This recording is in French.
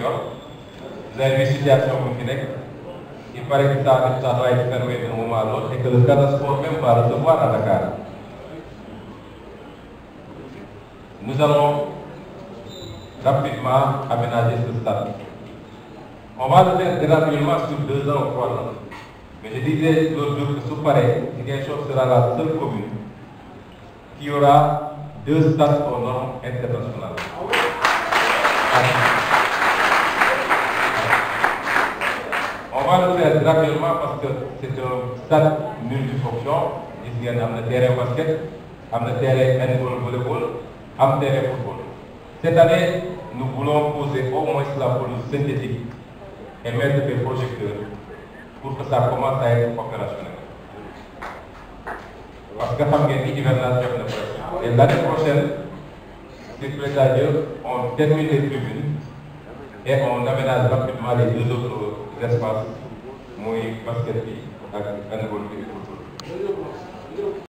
vous avez vu situation il paraît que ça ça doit être fermé d'un moment à l'autre et que le cadastre ne peut même pas recevoir à Dakar. Nous allons rapidement aménager ce stade. On va le faire gratuitement sur deux ans ou trois ans. Mais je disais l'autre jour que sous pareil, sera la seule commune qui aura deux stades au nom international. on va le faire rapidement parce que c'est un stade multifonction Il y a un terrain basket un terrain handball volleyball un terrain football cette année nous voulons poser au moins la police synthétique et mettre des projecteurs pour que ça commence à être opérationnel parce que xam y ni un et l'année prochaine c'est président ont on termine les tribunes et on aménage rapidement les deux autres d'espace muy basket bi ak handball bi